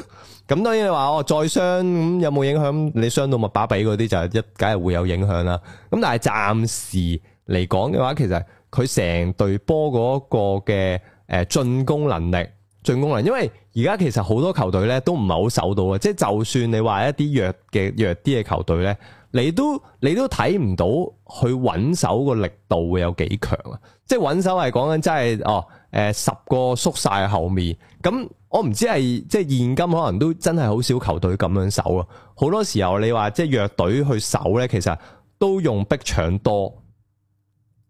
咁當然你話哦，再傷，咁有冇影響？你傷到麥巴比嗰啲，就一梗係會有影響啦。咁但係暫時嚟講嘅話，其實佢成隊波嗰個嘅誒進攻能力、進攻能力，因為而家其實好多球隊咧都唔係好守到啊。即係就算你話一啲弱嘅弱啲嘅球隊咧，你都你都睇唔到佢穩守個力度會有幾強啊！即係穩守係講緊真係哦誒十個縮曬後面咁。我唔知係即係現今可能都真係好少球隊咁樣守啊！好多時候你話即係弱隊去守呢，其實都用逼搶多。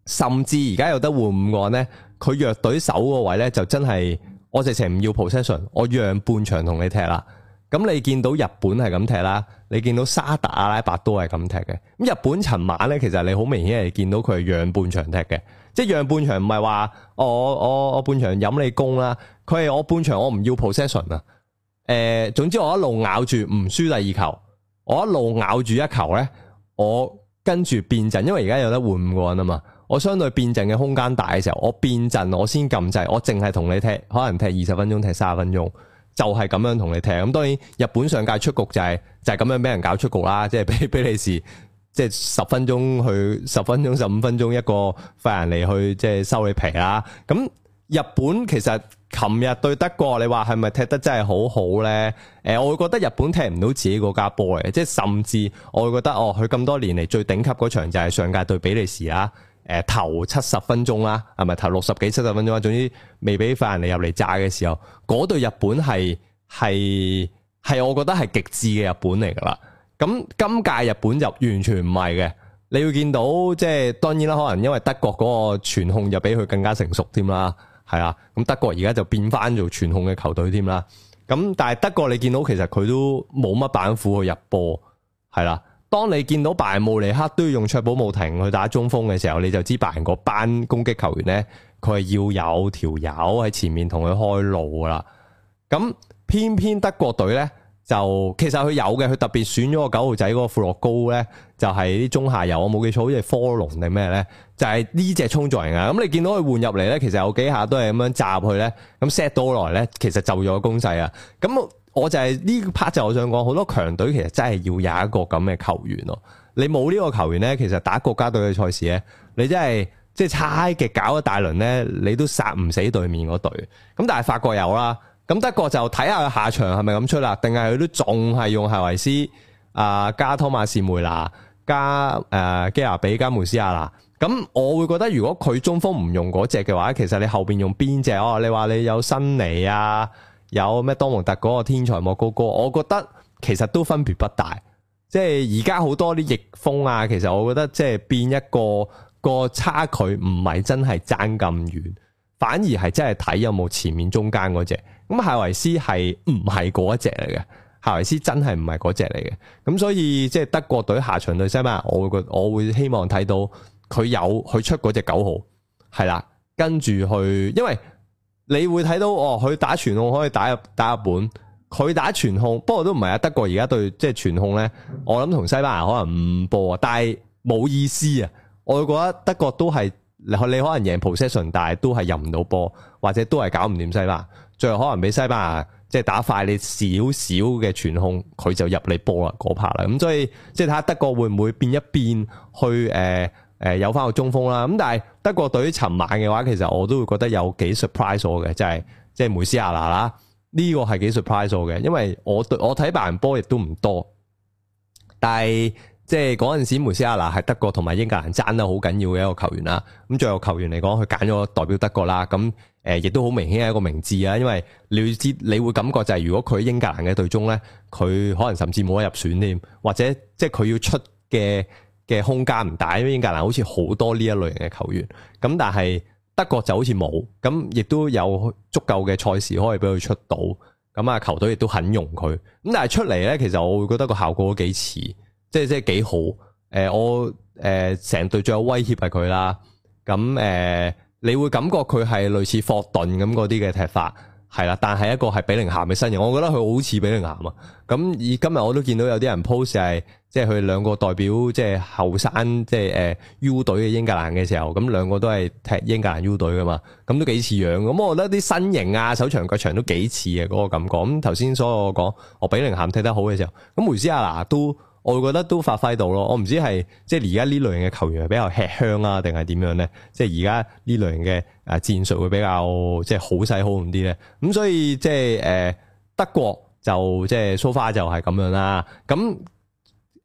甚至而家有得換五個呢，佢弱隊守個位呢，就真係我直情唔要 possession，我讓半場同你踢啦。咁你見到日本係咁踢啦，你見到沙特阿拉伯都係咁踢嘅。咁日本尋晚呢，其實你好明顯係見到佢係讓半場踢嘅。即係讓半場唔係話我我我，我半場飲你攻啦，佢係我半場我唔要 position 啊。誒、呃，總之我一路咬住唔輸第二球，我一路咬住一球咧，我跟住變陣，因為而家有得換五個人啊嘛。我相對變陣嘅空間大嘅時候，我變陣我先撳掣，我淨係同你踢，可能踢二十分鐘，踢三十分鐘，就係、是、咁樣同你踢。咁當然日本上屆出局就係、是、就係、是、咁樣俾人搞出局啦，即係俾俾你試。即係十分鐘，去十分鐘十五分鐘一個費蘭尼去，即係收你皮啦。咁日本其實琴日對德國，你話係咪踢得真係好好咧？誒，我會覺得日本踢唔到自己國家波嘅，即係甚至我會覺得哦，佢咁多年嚟最頂級嗰場就係上屆對比利時啊。誒、呃，頭七十分鐘啦，係咪頭六十幾七十分鐘啦。總之未俾費蘭尼入嚟炸嘅時候，嗰對日本係係係，我覺得係極致嘅日本嚟噶啦。咁今屆日本就完全唔係嘅，你會見到即係，當然啦，可能因為德國嗰個傳控就比佢更加成熟添啦，係啦，咁德國而家就變翻做傳控嘅球隊添啦。咁但係德國你見到其實佢都冇乜板斧去入波，係啦。當你見到拜仁慕尼黑都要用卓寶慕廷去打中鋒嘅時候，你就知拜仁嗰班攻擊球員呢，佢係要有條友喺前面同佢開路噶啦。咁偏偏德國隊呢。就其實佢有嘅，佢特別選咗個九號仔嗰個富洛高咧，就係啲中下游。我冇記錯，好似係科隆定咩咧，就係呢隻衝撞型啊。咁你見到佢換入嚟咧，其實有幾下都係咁樣炸佢咧，咁 set 到來咧，其實就咗個攻勢啊。咁我就係呢 part 就我想講，好多強隊其實真係要有一個咁嘅球員咯。你冇呢個球員咧，其實打國家隊嘅賽事咧，你真係即係差極搞一大輪咧，你都殺唔死對面嗰隊。咁但係法國有啦。咁德國就睇下佢下場係咪咁出啦，定係佢都仲係用夏維斯、啊加托馬斯梅拿、加誒、呃、基亞比加梅斯亞啦。咁我會覺得如果佢中鋒唔用嗰隻嘅話，其實你後邊用邊隻哦？你話你有辛尼啊，有咩多蒙特嗰、個天才莫高哥，我覺得其實都分別不大。即係而家好多啲逆風啊，其實我覺得即係變一個、個差距差，唔係真係爭咁遠。反而係真係睇有冇前面中間嗰隻，咁夏維斯係唔係嗰一隻嚟嘅？夏維斯真係唔係嗰隻嚟嘅，咁所以即係德國隊下場對西班牙，我會我我會希望睇到佢有佢出嗰隻九號，係啦，跟住佢，因為你會睇到哦，佢打全控可以打入打日本，佢打全控，不過都唔係啊。德國而家對即係全控呢，我諗同西班牙可能唔播，但係冇意思啊。我會覺得德國都係。你可能贏 possession 但係都係入唔到波，或者都係搞唔掂西班牙。最後可能俾西班牙即係、就是、打快你少少嘅傳控，佢就入你波啦嗰 part 啦。咁所以即係睇下德國會唔會變一變去誒誒、呃呃、有翻個中鋒啦。咁但係德國隊尋晚嘅話，其實我都會覺得有幾 surprise 我嘅，就係即係梅斯亞拿啦，呢、這個係幾 surprise 我嘅，因為我對我睇白人波亦都唔多，但係即係嗰陣時，梅斯亞拿係德國同埋英格蘭爭得好緊要嘅一個球員啦。咁作為球員嚟講，佢揀咗代表德國啦。咁誒，亦都好明顯係一個名字啊。因為你知你會感覺就係，如果佢英格蘭嘅隊中呢，佢可能甚至冇得入選添，或者即係佢要出嘅嘅空間唔大，因為英格蘭好似好多呢一類型嘅球員。咁但係德國就好似冇，咁亦都有足夠嘅賽事可以俾佢出到。咁啊，球隊亦都肯用佢。咁但係出嚟呢，其實我會覺得個效果都幾似。即係即係幾好，誒、呃、我誒成隊最有威脅係佢啦，咁誒、呃、你會感覺佢係類似霍頓咁嗰啲嘅踢法，係啦，但係一個係比靈咸嘅身形，我覺得佢好似比靈咸啊，咁而今日我都見到有啲人 post 係，即係佢哋兩個代表即係後生，即係誒、呃、U 隊嘅英格蘭嘅時候，咁兩個都係踢英格蘭 U 隊噶嘛，咁都幾似樣，咁我覺得啲身形啊，手長腳長都幾似嘅嗰個感覺，咁頭先所有我講，我比靈咸踢得好嘅時候，咁梅斯亞拿都。我會覺得都發揮到咯，我唔知係即係而家呢類型嘅球員係比較吃香啊，定係點樣咧？即係而家呢類型嘅誒戰術會比較即係好使好用啲咧。咁所以即係誒德國就即係蘇花就係咁樣啦。咁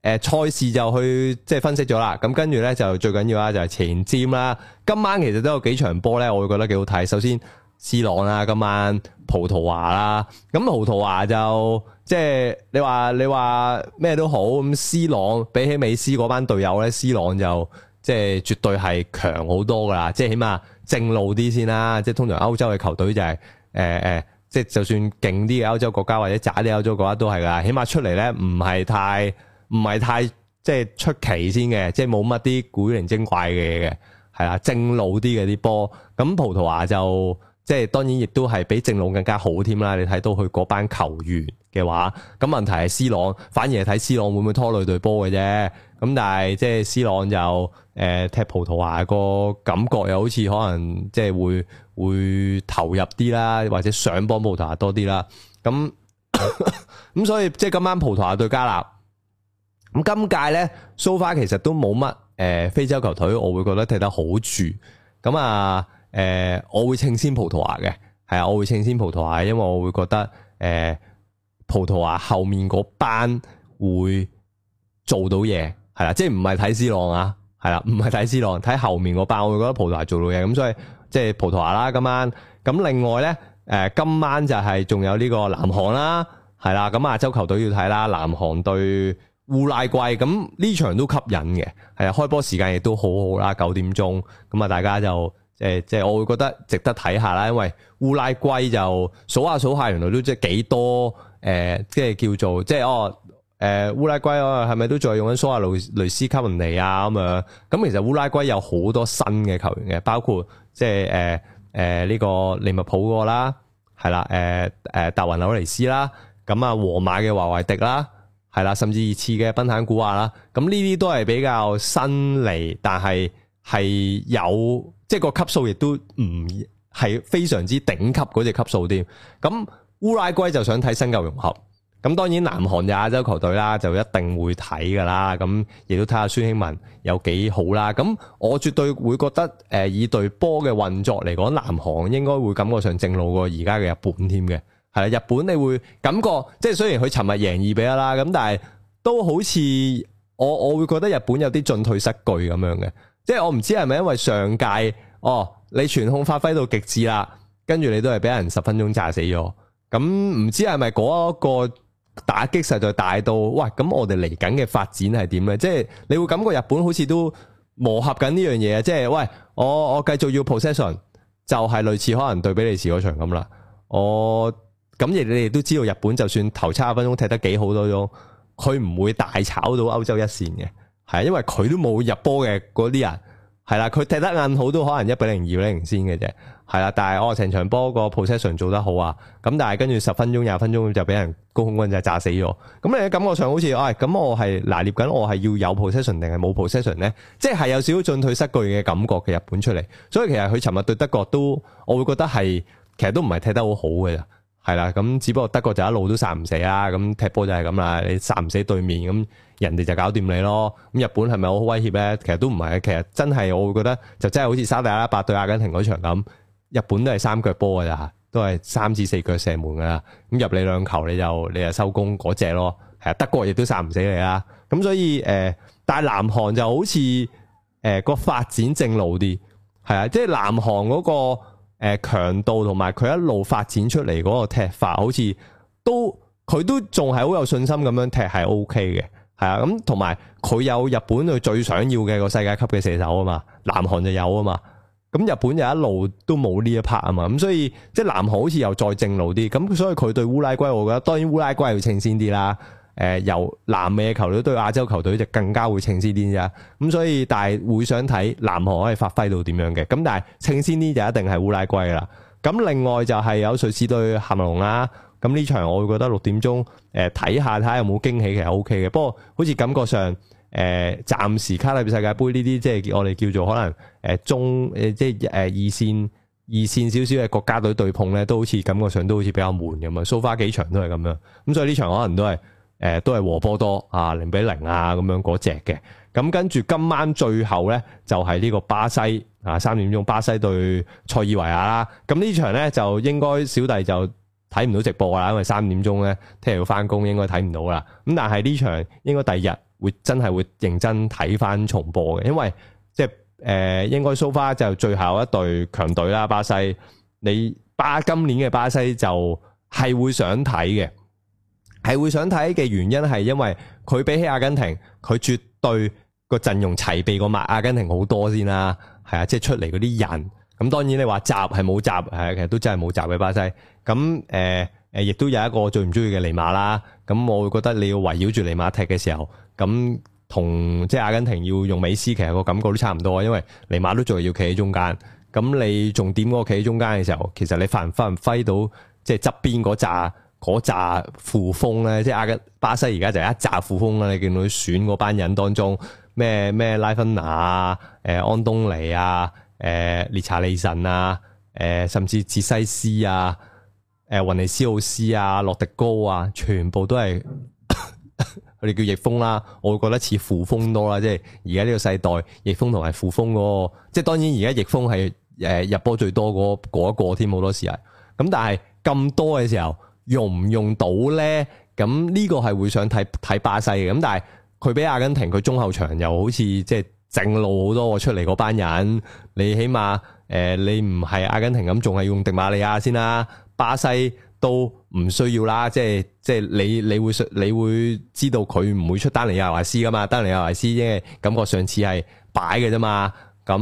誒賽事就去即係分析咗啦。咁跟住咧就最緊要啦就係前瞻啦。今晚其實都有幾場波咧，我會覺得幾好睇。首先，C 朗啦，今晚葡萄牙啦，咁葡萄牙就。即係你話，你話咩都好咁。C 朗比起美斯嗰班隊友咧，C 朗就即係絕對係強好多㗎啦。即係起碼正路啲先啦。即係通常歐洲嘅球隊就係誒誒即係就算勁啲嘅歐洲國家或者渣啲歐洲國家都係㗎。起碼出嚟咧，唔係太唔係太即係出奇先嘅，即係冇乜啲古靈精怪嘅嘢嘅係啦。正路啲嘅啲波咁，葡萄牙就即係當然亦都係比正路更加好添啦。你睇到佢嗰班球員。嘅話，咁問題係 C 朗，反而係睇 C 朗會唔會拖累隊波嘅啫。咁但係，即係 C 朗就誒，踢葡萄牙個感覺又好似可能即係會會投入啲啦，或者想幫葡萄牙多啲啦。咁咁 所以即係今晚葡萄牙對加納咁今屆咧蘇花其實都冇乜誒非洲球隊，我會覺得踢得好住咁啊。誒、啊，我會稱先葡萄牙嘅係啊，我會稱先葡萄牙，因為我會覺得誒。啊葡萄牙後面嗰班會做到嘢，係啦，即係唔係睇 C 朗啊，係啦，唔係睇 C 朗，睇後面嗰班，我會覺得葡萄牙做到嘢，咁所以即係葡萄牙啦，今晚，咁另外呢，誒今晚就係仲有呢個南韓啦，係啦，咁亞洲球隊要睇啦，南韓對烏拉圭，咁呢場都吸引嘅，係啊，開波時間亦都好好啦，九點鐘，咁啊大家就，呃，即係我會覺得值得睇下啦，因為烏拉圭就數下數下，原來都即係幾多。誒、呃，即係叫做，即係哦，誒烏拉圭啊，係咪都仲係用緊蘇亞雷斯卡文尼啊？咁樣，咁其實烏拉圭有好多新嘅球員嘅，包括即係誒誒呢個利物浦個啦，係啦，誒誒達雲努尼斯啦，咁啊皇馬嘅華維迪啦，係啦，甚至熱刺嘅賓坦古亞啦，咁呢啲都係比較新嚟，但係係有即係個級數亦都唔係非常之頂級嗰隻級數添。咁。烏拉圭就想睇新舊融合，咁當然南韓嘅亞洲球隊啦，就一定會睇㗎啦，咁亦都睇下孫興文有幾好啦。咁我絕對會覺得，誒、呃、以隊波嘅運作嚟講，南韓應該會感覺上正路過而家嘅日本添嘅，係啦，日本你會感覺，即係雖然佢尋日贏二比一啦，咁但係都好似我我會覺得日本有啲進退失據咁樣嘅，即係我唔知係咪因為上屆哦你全控發揮到極致啦，跟住你都係俾人十分鐘炸死咗。咁唔知係咪嗰個打擊實在大到，喂咁我哋嚟緊嘅發展係點嘅？即係你會感覺日本好似都磨合緊呢樣嘢，即係喂，我我繼續要 possession，就係類似可能對比利時嗰場咁啦。我咁亦你哋都知道，日本就算頭七十分鐘踢得幾好多鐘佢唔會大炒到歐洲一線嘅，係因為佢都冇入波嘅嗰啲人，係啦，佢踢得硬好都可能一比零二比零先嘅啫。係啦，但係我成場波個 position 做得好啊，咁但係跟住十分鐘廿分鐘就俾人高空轟就炸死咗，咁你感覺上好似，唉、哎、咁我係拿捏緊，我係要有 position 定係冇 position 咧？即係有少少進退失據嘅感覺嘅日本出嚟，所以其實佢尋日對德國都我會覺得係，其實都唔係踢得好好嘅，係啦，咁只不過德國就一路都殺唔死啊，咁踢波就係咁啦，你殺唔死對面咁，人哋就搞掂你咯。咁日本係咪好威脅咧？其實都唔係，其實真係我會覺得就真係好似沙特阿拉伯對阿根廷嗰場咁。日本都係三腳波㗎，咋，都係三至四腳射門噶啦。咁入你兩球你就你就收工嗰隻咯。係啊，德國亦都殺唔死你啦。咁所以誒、呃，但係南韓就好似誒個發展正路啲，係啊，即、就、係、是、南韓嗰個強強度同埋佢一路發展出嚟嗰個踢法好，好似都佢都仲係好有信心咁樣踢係 O K 嘅。係啊，咁同埋佢有日本佢最想要嘅個世界級嘅射手啊嘛，南韓就有啊嘛。咁日本又一路都冇呢一 part 啊嘛，咁所以即係南韓好似又再正路啲，咁所以佢對烏拉圭，我覺得當然烏拉圭要稱先啲啦。誒，由南美嘅球隊對亞洲球隊就更加會稱先啲咋，咁所以但係會想睇南韓可以發揮到點樣嘅，咁但係稱先啲就一定係烏拉圭啦。咁另外就係有瑞士對喀麥隆啦，咁呢場我會覺得六點鐘誒睇下睇下有冇驚喜，其實 O K 嘅，不過好似感覺上。誒、呃，暫時卡裏邊世界盃呢啲，即係我哋叫做可能誒中誒，即係誒二線二線少少嘅國家隊對碰咧，都好似感覺上都好似比較悶咁啊！輸花幾場都係咁樣，咁所以呢場可能都係誒、呃、都係和波多啊零比零啊咁樣嗰隻嘅。咁跟住今晚最後咧，就係、是、呢個巴西啊三點鐘巴西對塞爾維亞啦。咁呢場咧就應該小弟就睇唔到直播啦，因為三點鐘咧聽日要返工，應該睇唔到啦。咁但係呢場應該第二日。會真係會認真睇翻重播嘅，因為即係誒，應該 so far 就最後一隊強隊啦，巴西。你巴今年嘅巴西就係會想睇嘅，係會想睇嘅原因係因為佢比起阿根廷，佢絕對個陣容齊備過埋阿根廷好多先啦。係啊，即係出嚟嗰啲人。咁當然你話集係冇集，係其實都真係冇集嘅巴西。咁誒誒，亦、呃、都有一個最唔中意嘅尼馬啦。咁我會覺得你要圍繞住尼馬踢嘅時候。咁同即係阿根廷要用美斯，其實個感覺都差唔多，因為尼馬都仲要企喺中間。咁你仲點嗰個企喺中間嘅時候，其實你發唔發唔揮到即係側邊嗰扎嗰紮副鋒呢？即係阿根巴西而家就一紮副鋒啦。你見到選嗰班人當中，咩咩拉芬娜、誒安東尼啊，啊、列查利神啊、啊甚至哲西斯啊、誒、啊、雲尼斯奧斯啊、洛迪高啊，全部都係。 佢哋叫翼鋒啦，我會覺得似副鋒多啦，即係而家呢個世代翼鋒同埋副鋒嗰個，即係當然而家翼鋒係誒入波最多嗰嗰一個添，好多時係。咁但係咁多嘅時候用唔用到咧？咁呢個係會想睇睇巴西嘅。咁但係佢俾阿根廷，佢中後場又好似即係正路好多出嚟嗰班人，你起碼誒、呃、你唔係阿根廷咁，仲係用迪馬利亞先啦、啊，巴西。都唔需要啦，即係即係你你會你會知道佢唔會出丹尼亞維斯噶嘛，丹尼亞維斯因為感覺上次係擺嘅啫嘛，咁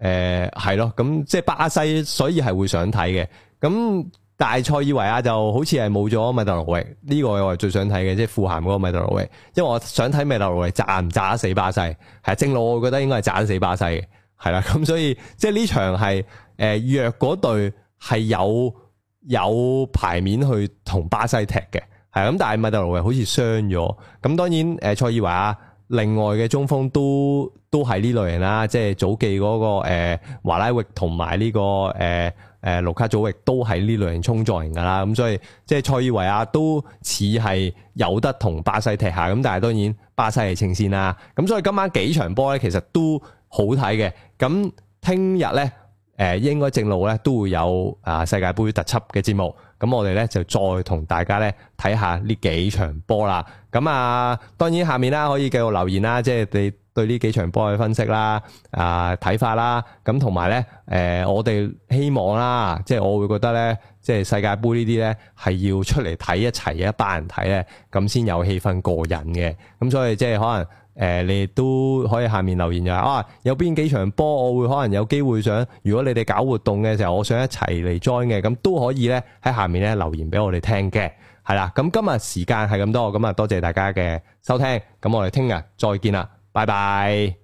誒係咯，咁、呃、即係巴西，所以係會想睇嘅。咁但係塞爾維亞就好似係冇咗米特洛維，呢、這個我係最想睇嘅，即係富咸嗰個米特洛維，因為我想睇米特洛維炸唔炸得死巴西，係正路我覺得應該係炸得死巴西嘅，係啦，咁所以即係呢場係誒、呃、弱嗰隊係有。有牌面去同巴西踢嘅，係咁，但係米德羅維好似傷咗。咁當然，誒賽爾維亞，另外嘅中鋒都都係呢類型啦，即係祖記嗰個誒、呃、華拉域同埋呢個誒誒、呃、盧卡祖域都係呢類型衝撞型噶啦。咁所以即係賽爾維亞都似係有得同巴西踢下。咁但係當然巴西係清先啦。咁所以今晚幾場波咧，其實都好睇嘅。咁聽日咧。誒，應該正路咧都會有啊世界盃特輯嘅節目，咁我哋咧就再同大家咧睇下呢幾場波啦。咁啊，當然下面啦可以繼續留言啦，即係對對呢幾場波嘅分析啦、啊睇法啦。咁同埋咧，誒，呃，我哋希望啦，即係我會覺得咧，即係世界盃呢啲咧係要出嚟睇一齊嘅一班人睇咧，咁先有氣氛過癮嘅。咁所以即係可能。誒、呃，你都可以下面留言就話啊，有邊幾場波我會可能有機會想，如果你哋搞活動嘅時候，我想一齊嚟 join 嘅，咁都可以咧喺下面咧留言俾我哋聽嘅，係啦，咁今日時間係咁多，咁啊多謝大家嘅收聽，咁我哋聽日再見啦，拜拜。